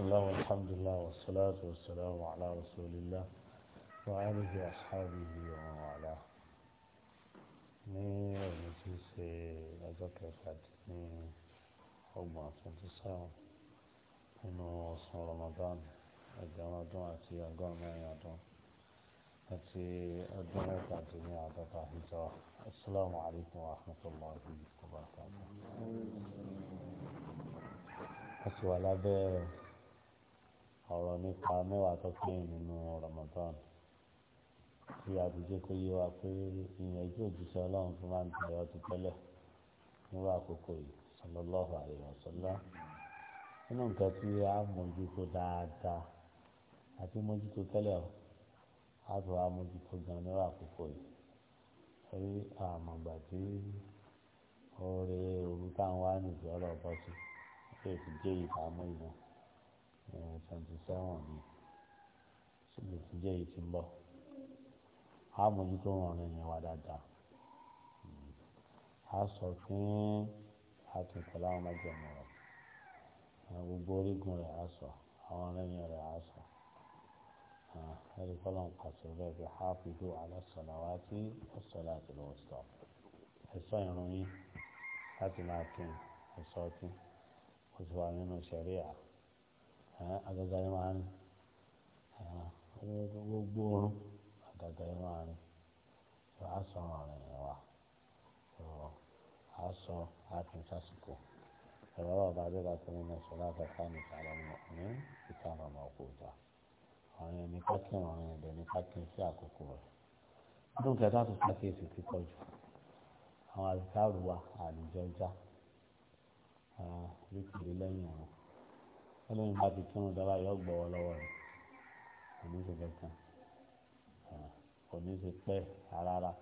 بسم الله والحمد لله والصلاة والسلام على رسول الله وآله وأصحابه وآله نعم نعم نعم نعم نعم نعم نعم نعم نعم نعم السلام عليكم ورحمة الله وبركاته. ọ̀rọ̀ nípa mẹ́wàá tó kẹ́yìn nínú Ramadan tí a ti jẹ́ kó yé wa pé ìyànjú òjíṣẹ́ ọlọ́run fún máa ń tẹ̀lé ọtún tẹ́lẹ̀ nírú àkókò yìí sallallahu alaihi wasallam nínú nǹkan tí a mójútó dáadáa àti mójútó tẹ́lẹ̀ o a tó a mójútó gan nírú àkókò yìí torí àmọ̀gbà tí oore òru táwọn wá nìjọ́ ọ̀rọ̀ bọ́ sí ó ìwọ̀n. Eh, twenty seven ni ṣùgbọ́n ti jẹ́ èyí tí ń bọ̀ á mójútó wọn rìn yẹn wá dáadáa á hmm. sọ fún àtúntò láwọn májèmọ rẹ eh, gbogbo orígun rẹ á sọ àwọn ọ̀rẹ́yìn rẹ á sọ ah, ẹ̀rí kọ́lọ́n kàṣẹ bẹ́ẹ̀ fi hápìdó alásọ̀làwá tí ọ̀sọ̀là àti lọ́wọ́sọ̀ ẹ̀sọ́ ìrun yín láti máa kí ẹ̀sọ́ kí ó ti wà nínú ṣẹ̀ríà àgàgà irun àárín gbogbo oorun àgàgà irun àárín tó a sọ ọ̀rìn yẹn wa tó a sọ àtún sásìkò ẹ̀rọ ọba adéla tó nínú ìṣọ̀lá àtàkà nìkan lọ́mọ ní ìta ọmọ ọkọ̀ òjà ọ̀rìn ní kákí ọ̀rìn ẹ̀dẹ̀ ní kákí sí àkókò rẹ̀ ọdún kẹta tó pàkíyèsí kíkọ́ jù àwọn àlùkárù wa àlùjọ já tọ́lọ́yìn bá ti tún ìjọba yọ gbọ́wọ́ lọ́wọ́ rẹ̀ kò ní ṣe kankan ah, kò ní ṣe pẹ́ rárá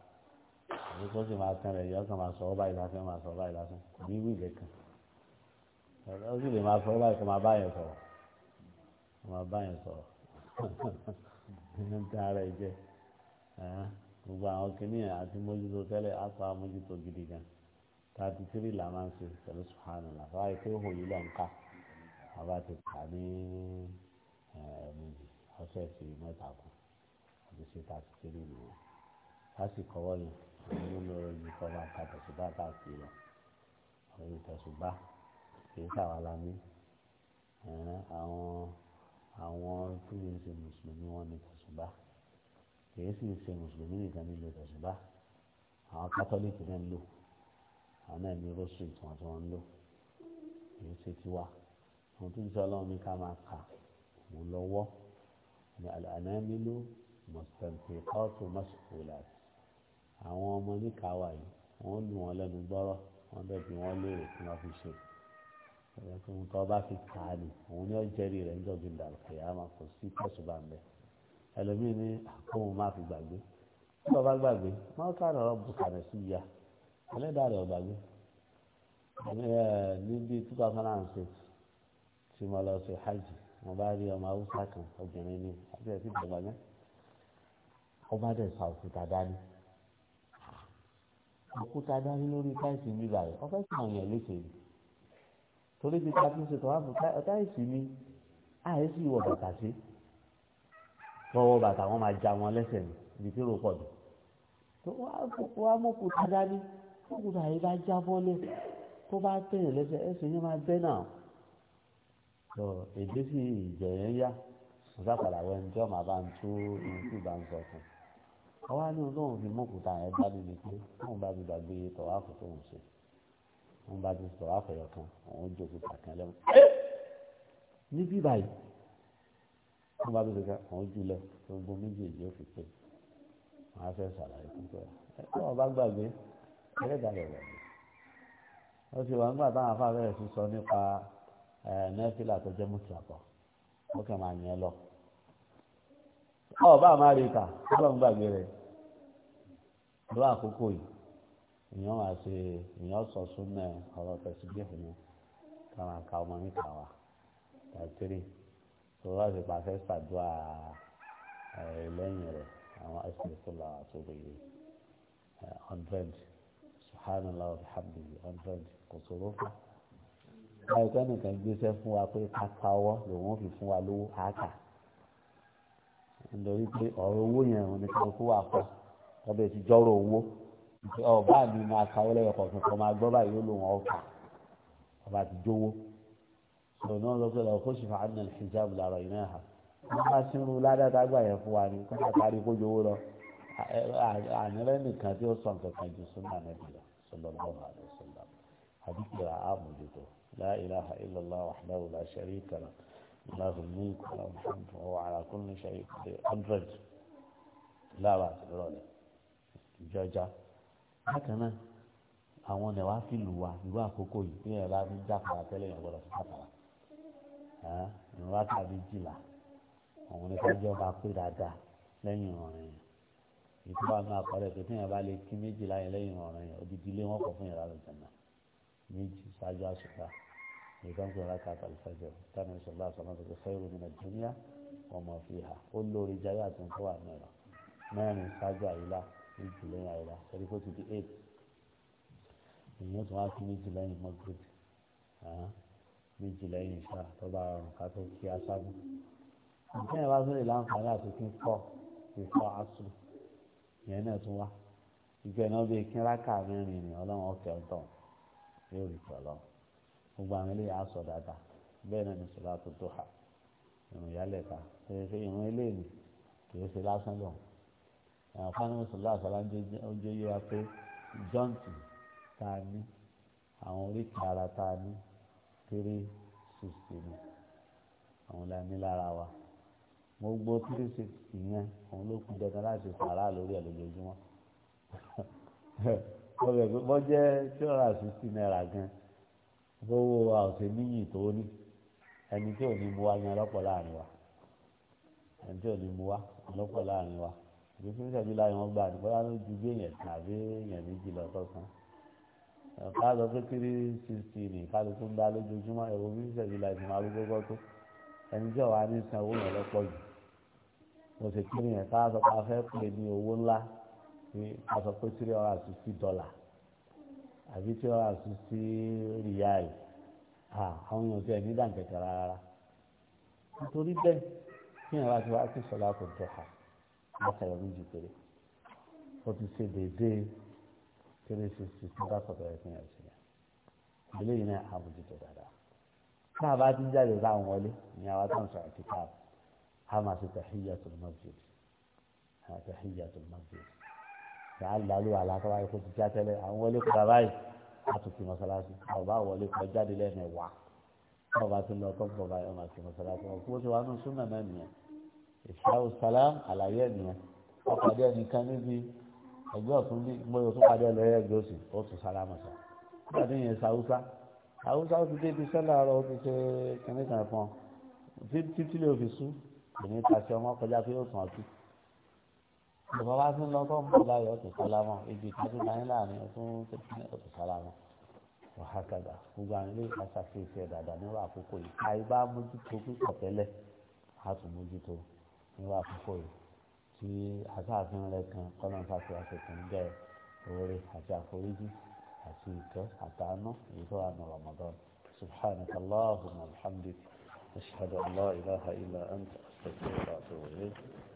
èyí kó sì máa tán rẹ̀ yọ kàn máa sọ ọ́ báyìí lásán máa sọ ọ́ báyìí lásán kò ní wí ìgbẹ́ kan ó sì lè máa sọ ọ́ báyìí kó máa báyìí sọ̀rọ̀ kó máa báyìí sọ̀rọ̀ ní ti ara ẹ̀ jẹ́ ah, gbogbo àwọn kìnìún àti mójútó tẹ́lẹ̀ á pa mójútó gidi gan thirty three là máa ń ṣe pẹ̀lú sùhánù làfáà ètò ìhòòhò yìí lọ́nkà àbá ti kà ní ẹ̀ẹ́mẹ́jì eh, ọ̀sẹ̀ sí mẹ́ta kù àti sí tàbí kéré nìyẹn lásìkò ọwọ́ yẹn òun ló lọ ju kọ́ máa ka tẹ̀sùbá káàkiri lọ òun tẹ̀sùbá kì í sàwọn alámí eh, àwọn àwọn tí kì í ṣe mùsùlùmí wọn ní tẹ̀sùbá kì í sì ṣe mùsùlùmí nìkan nílò tẹ̀sùbá àwọn kátólíìkì náà ń lò àwọn náà ní rósù tí wọ́n ti wọ́n ń lò kì ṣe tiwa ohun tó ń sọ ọlọ́run ní ká máa kà mọ́ lọ́wọ́ ní àlànàmílò mọ̀sítẹ̀ǹtẹ̀kọ́tù mọ́síkúláàtì àwọn ọmọ níkàáwá yìí wọ́n lù wọ́n lẹ́nu gbọ́rọ̀ wọ́n bẹ̀ bí wọ́n léèrè tí wọ́n fi ṣe ohun tó bá fi kà á nì òun ní ọ̀jẹ̀rì rẹ̀ ń jọ̀gbìn dàlùkẹ́yàmà kò sí tẹ̀sùbà ń bẹ̀ ẹlòmíì ní àkóhun má fi gbàgbé tí ọba gbàgbé wọn kàrọ̀ ọ̀rọ̀ bùkàrẹ̀ sí ìyá ẹlẹ́dàá rẹ̀ ọ̀gbàgbé níbi two thousand and six tí mo lọ sí hajj mo bá rí ọmọ haúsá kan obìnrin ni àti ẹ̀sìn ìdàgbà náà ó bá dẹ̀ sa òkúta dání òkúta dání lórí táìsì mi báyìí ọ̀fẹ́ sì àwọn èèyàn léṣe mi torí ti ta fi ṣètò ààbò táìsì mi àìsí ìwọ bàtà sí fọwọ́ bàtà wọn máa ja wọn lẹ́sẹ̀ mi ibi tí ròpọ̀ dùn tó wá mọ́kúta dání mọ́kúta yìí bá já bọ́lẹ̀ tó bá tẹ̀yìn lẹ́sẹ̀ ẹ̀sìn yẹn máa bẹ́ náà so èdè sì ìjẹ̀yẹ́ yá ọ̀sá padà wẹ́n tí ọmọ bá ń tú ohun tí ìbá ń sọ fún un ọwọ́ ní olóhùn fi mọ́kùtà yẹn bá mi ni pé tóun bá mi gbàgbé tọ̀wáfù tóun ṣe tóun bá ti tọ̀wáfù ẹ̀yọ̀ kan òun jókòó kàkàn lẹ́wọ̀n ní bí báyìí tóun bá mi gbàgbé òun jùlẹ̀ gbogbo méjèèjì ó fi pé wọn á fẹ́ sàlàyé púpọ̀ ẹ̀ tí wọ́n bá gbàgbé ẹ̀rẹ́dàlẹ̀ rẹ̀ ó ti wà ń gbà táwọn afáfẹ́ rẹ̀ ti sọ nípa nẹ́fìlà tó jẹ́ mùtìyàtọ̀ ó kàn máa yẹn lọ. ọba máa rí ìta ọlọ́run rẹ̀ lọ àkókò yìí èèyàn máa ṣe èèyàn sọ súnmọ́ ọ̀rọ̀ tẹ̀síbíyẹ̀ fún mi ká máa ka ọmọ níta wa tàìtírì tó wá sí pàṣẹ ṣàdúrà lẹ́yìn rẹ̀ àwọn ẹ̀sìn tó lọ àtúbọ̀ yìí hundred subhanallah alhamdulilayi hundred kò sóró fún. àìpẹ́ nìkan gbéṣẹ́ fún wa pé kápá ọwọ́ lòun fi fún wa lówó àákà nítorí pé ọ̀rọ̀ owó yẹn òun ni kò kó wà pọ̀ ọbẹ̀ ti jọ́rọ̀ owó ọba mi máa kawọ́ lẹ́yìn ọkọ̀ kan máa gbọ́ báyìí ó lò wọ́n ọkà ọba ti jówó sọ̀rọ̀ náà lọ́pẹ́ lọ́wọ́ kó sì fà á nà ìṣèjáàbù lára ìná ẹ̀hà wọ́n bá ti ń ládàtà gbà yẹn fún wa ni kó má kárí kó jówó lọ ànírẹ́ nìkan tí ó sọ nǹkan kan ju sọ́nà àná لا إله إلا الله وحده لا شريك له له الملك وله الحمد وهو على كل شيء قدير لا بأس برولي جوجا هكذا àwọn ọ̀nà wa fi lù wá ìlú àkókò yìí bí ẹ̀rọ adé jáfara tẹ́lẹ̀ yẹn gbọ́dọ̀ sí pàtàkì ìrìn wákàtí méjìlá àwọn oníkájọ́ bá pé dáadáa lẹ́yìn ọ̀ràn yẹn ìtura náà àpẹẹrẹ pé téèyàn bá lè kí méjìlá yẹn lẹ́yìn ọ̀ràn yẹn odidi ilé wọn kọ̀ fún yàrá náà méjì ṣáájú àṣùkà nìkan tó rákà àtàlùfẹ́jọ táwọn ẹ̀sọ́ bá sọ lọ́dọ̀ fẹ́rù mi nà dúníà wọn mọ̀ fi hà ó lórí jayé àti nǹkan wà mẹ́rin mẹ́rin ṣáájú àyílá méjì lẹ́yìn àyílá ẹ̀rí kó ti di eight èèyàn tó wá sí méjì lẹ́yìn mọ́gírèdì méjì lẹ́yìn ìṣá tó bá rọrùn ká tó kí aṣáájú ìpínlẹ̀ wá sórí láǹfààní àti kí n kọ́ ìfọ́ aṣọ ìyẹn náà tún wá ìgbẹ́ náà bíi kí n rákà mẹ́rin ni ọlọ́run ọ̀kẹ́ ọ̀tọ̀ yóò rí tọ̀ gbogbo àwọn eléyà á sọ dáadáa bẹ́ẹ̀ náà ní sọlá tó tó hà ìrùn ìyálẹ̀ ta ṣèṣe ìrùn eléyìí kì í ṣe lásán lọ àwọn fáwọn sọlá sọlá ń jẹ yé pé jọ́ǹtì tá a ní àwọn oríkì ara tá a ní three sixty ni àwọn la ní lára wa mo gbọ́ three sixty yẹn òun ló kú dandan láti sàrà lórí ẹ̀ lójoojúmọ́ wọ́n jẹ́ two hundred and sixty naira gan-an gbówó wa ò ṣe níyì tó ní ẹni tí ò ní mu wa ni ọlọ́pọ̀ láàrin wa ẹni tí ò ní mu wa ọlọ́pọ̀ láàrin wa ìgbé fún ìṣẹ́jú láàyè wọn gbà ní bóyá ló ju bí èèyàn kan àbí èèyàn méjì lọ sọ́sán ká lọ pé tírí sixty ní kálukú ń dá lójoojúmọ́ ẹ̀rọ bí ìṣẹ́jú láàyè ti máa rúgbó gbọ́ tó ẹni tí ọ̀wá ní san owó yẹn lọ́pọ̀ jù mo sì kí nìyẹn ká sọ pé a fẹ́ pè ní owó ńlá ká sọ pé three hundred and sixty dollars àbí tí wọ́n àṣù sí rìyá yìí àwọn èèyàn tí ẹ̀ ní dàǹkẹ̀kẹ̀ rárá nítorí bẹ́ẹ̀ kí èèyàn bá ti wá sí sọlá tó dọ̀ha lọ́kàlẹ̀ méjì péré ó ti ṣe déédéé kéré ṣe ṣe tí bá sọ̀tọ̀ ẹ̀ fún ẹ̀ṣẹ̀ yẹn eléyìí náà àbójútó dáadáa tá a bá ti jáde láwọn wọlé ní àwa tó ń sọ àti káàbù a máa ṣe tàhíyà tó lọ́mọ́ bìí tàhíyà tó lọ́mọ́ bìí yàá lálù àlàkọ́ báyìí kó ti já tẹ́lẹ̀ àwọn wọlé kọ́ báyìí láti fi mọ́sálásí ọba wọlé kọ́ jáde lẹ́nu ẹ̀wà ọba tó lọ tọ́pọ̀ báyìí ọba ti mọ́sálásí ọkọ̀ tó wà nù súnmọ̀ náà nìyẹn ìṣàwọ̀ sálám àlàyé nìyẹn ọpàdé ẹnìkan níbi ẹgbẹ́ ọ̀tún bí gbọ́dọ̀ tó pàdé ọlọ́yẹ gbòòsì ó tún sálámù sọ nígbà tí bàbá wa ti ń lọ tọ́ ń bọ̀ láyọ̀ ọ̀tún sálámà ibi tí wọ́n dání láàrin ọ̀tún ní ọ̀tún sálámà wàhákàdà gbogbo àwọn ilé ìfàṣàkíyèsí ẹ̀ dáadáa níwà àkókò yìí àìbá mójútó púpọ̀ tẹ́lẹ̀ a tún mójútó níwà àkókò yìí tí àtàfin rẹ kan kọ́nà fàṣẹ àṣetún jẹ́ oore àti àforíjì àti ìtọ́ àtàánú èyí tó wà ní Ramadan subhanaka allahumma alhamdulilayi ashhadu an la ilaha illa anta astaghfiruka wa atubu